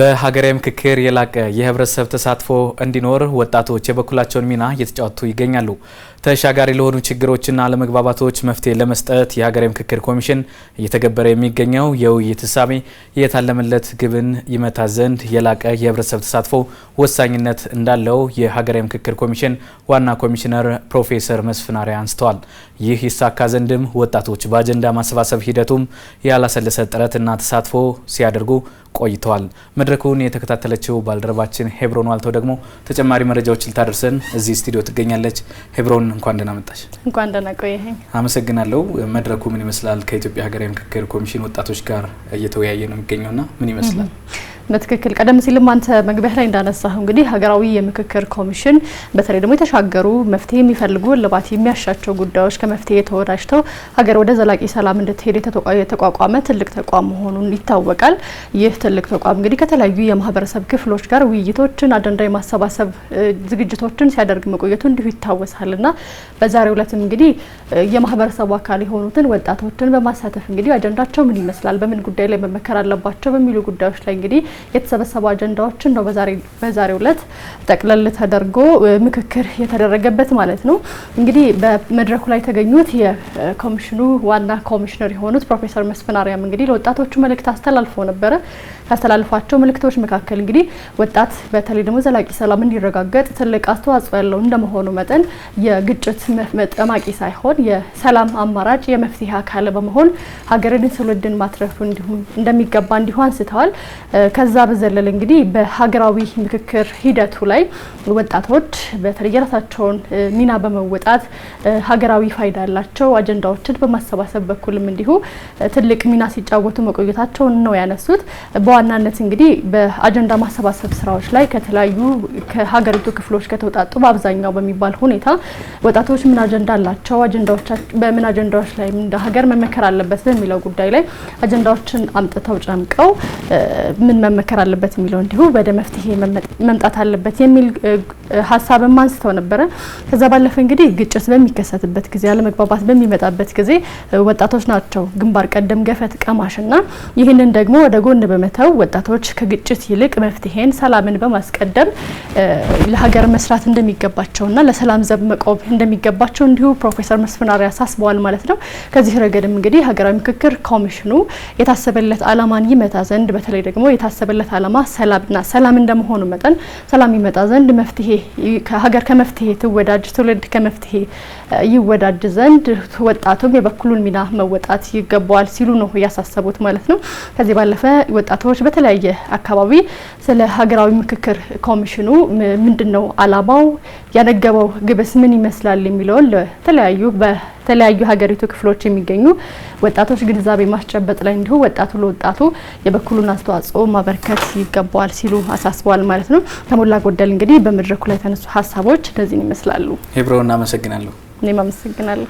በሀገራዊ ምክክር የላቀ የህብረተሰብ ተሳትፎ እንዲኖር ወጣቶች የበኩላቸውን ሚና እየተጫወቱ ይገኛሉ። ተሻጋሪ ለሆኑ ችግሮችና ለመግባባቶች መፍትሄ ለመስጠት የሀገራዊ ምክክር ኮሚሽን እየተገበረ የሚገኘው የውይይት እሳቤ የታለመለት ግብን ይመታ ዘንድ የላቀ የህብረተሰብ ተሳትፎ ወሳኝነት እንዳለው የሀገራዊ ምክክር ኮሚሽን ዋና ኮሚሽነር ፕሮፌሰር መስፍናሪያ አንስተዋል። ይህ ይሳካ ዘንድም ወጣቶች በአጀንዳ ማሰባሰብ ሂደቱም ያላሰለሰ ጥረትና ተሳትፎ ሲያደርጉ ቆይተዋል። መድረኩን የተከታተለችው ባልደረባችን ሄብሮን ዋልተው ደግሞ ተጨማሪ መረጃዎች ልታደርሰን እዚህ ስቱዲዮ ትገኛለች። ሄብሮን እንኳን ደህና መጣሽ። እንኳን ደህና ቆየኸኝ። አመሰግናለሁ። መድረኩ ምን ይመስላል? ከኢትዮጵያ ሀገራዊ ምክክር ኮሚሽን ወጣቶች ጋር እየተወያየ ነው የሚገኘውና ምን ይመስላል? በትክክል ቀደም ሲልም አንተ መግቢያ ላይ እንዳነሳሁ እንግዲህ ሀገራዊ የምክክር ኮሚሽን በተለይ ደግሞ የተሻገሩ መፍትሄ የሚፈልጉ እልባት የሚያሻቸው ጉዳዮች ከመፍትሄ ተወዳጅተው ሀገር ወደ ዘላቂ ሰላም እንድትሄድ የተቋቋመ ትልቅ ተቋም መሆኑን ይታወቃል። ይህ ትልቅ ተቋም እንግዲህ ከተለያዩ የማህበረሰብ ክፍሎች ጋር ውይይቶችን፣ አጀንዳ የማሰባሰብ ዝግጅቶችን ሲያደርግ መቆየቱ እንዲሁ ይታወሳል እና በዛሬው ዕለትም እንግዲህ የማህበረሰቡ አካል የሆኑትን ወጣቶችን በማሳተፍ እንግዲህ አጀንዳቸው ምን ይመስላል፣ በምን ጉዳይ ላይ መመከር አለባቸው በሚሉ ጉዳዮች ላይ እንግዲህ የተሰበሰቡ አጀንዳዎችን ነው በዛሬው ዕለት ጠቅለል ተደርጎ ምክክር የተደረገበት ማለት ነው። እንግዲህ በመድረኩ ላይ የተገኙት የኮሚሽኑ ዋና ኮሚሽነር የሆኑት ፕሮፌሰር መስፍን አርአያም እንግዲህ ለወጣቶቹ መልእክት አስተላልፎ ነበረ። ካስተላልፏቸው መልእክቶች መካከል እንግዲህ ወጣት በተለይ ደግሞ ዘላቂ ሰላም እንዲረጋገጥ ትልቅ አስተዋጽኦ ያለው እንደመሆኑ መጠን የግጭት መጠማቂ ሳይሆን የሰላም አማራጭ የመፍትሄ አካል በመሆን ሀገርን፣ ትውልድን ማትረፍ እንዲሁም እንደሚገባ እንዲሁ አንስተዋል። ከዛ በዘለል እንግዲህ በሀገራዊ ምክክር ሂደቱ ላይ ወጣቶች በተለይ የራሳቸውን ሚና በመወጣት ሀገራዊ ፋይዳ ያላቸው አጀንዳዎችን በማሰባሰብ በኩልም እንዲሁ ትልቅ ሚና ሲጫወቱ መቆየታቸውን ነው ያነሱት። በዋናነት እንግዲህ በአጀንዳ ማሰባሰብ ስራዎች ላይ ከተለያዩ ከሀገሪቱ ክፍሎች ከተውጣጡ በአብዛኛው በሚባል ሁኔታ ወጣቶች ምን አጀንዳ አላቸው፣ በምን አጀንዳዎች ላይ እንደ ሀገር መመከር አለበት በሚለው ጉዳይ ላይ አጀንዳዎችን አምጥተው ጨምቀው ምን መመከር አለበት የሚለው እንዲሁ ወደ መፍትሄ መምጣት አለበት የሚል ሀሳብም አንስተው ነበረ። ከዛ ባለፈ እንግዲህ ግጭት በሚከሰትበት ጊዜ፣ አለመግባባት በሚመጣበት ጊዜ ወጣቶች ናቸው ግንባር ቀደም ገፈት ቀማሽ ይህንን ደግሞ ወደ ጎን በመተው ተወያይተው ወጣቶች ከግጭት ይልቅ መፍትሄን፣ ሰላምን በማስቀደም ለሀገር መስራት እንደሚገባቸውና ለሰላም ዘብ መቆም እንደሚገባቸው እንዲሁ ፕሮፌሰር መስፍን አርአያ አሳስበዋል ማለት ነው። ከዚህ ረገድም እንግዲህ ሀገራዊ ምክክር ኮሚሽኑ የታሰበለት አላማን ይመታ ዘንድ በተለይ ደግሞ የታሰበለት አላማ ሰላምና ሰላም እንደመሆኑ መጠን ሰላም ይመጣ ዘንድ መፍትሄ ሀገር ከመፍትሄ ትወዳጅ ትውልድ ከመፍትሄ ይወዳጅ ዘንድ ወጣቱም የበኩሉን ሚና መወጣት ይገባዋል ሲሉ ነው እያሳሰቡት ማለት ነው። ከዚህ ባለፈ ወጣቶች ሰዎች በተለያየ አካባቢ ስለ ሀገራዊ ምክክር ኮሚሽኑ ምንድን ነው አላማው፣ ያነገበው ግብስ ምን ይመስላል የሚለውን ለተለያዩ በተለያዩ ሀገሪቱ ክፍሎች የሚገኙ ወጣቶች ግንዛቤ ማስጨበጥ ላይ እንዲሁ ወጣቱ ለወጣቱ የበኩሉን አስተዋጽኦ ማበርከት ይገባዋል ሲሉ አሳስበዋል ማለት ነው። ከሞላ ጎደል እንግዲህ በመድረኩ ላይ የተነሱ ሀሳቦች እነዚህን ይመስላሉ። ሄብሮ እናመሰግናለሁ። እኔም አመሰግናለሁ።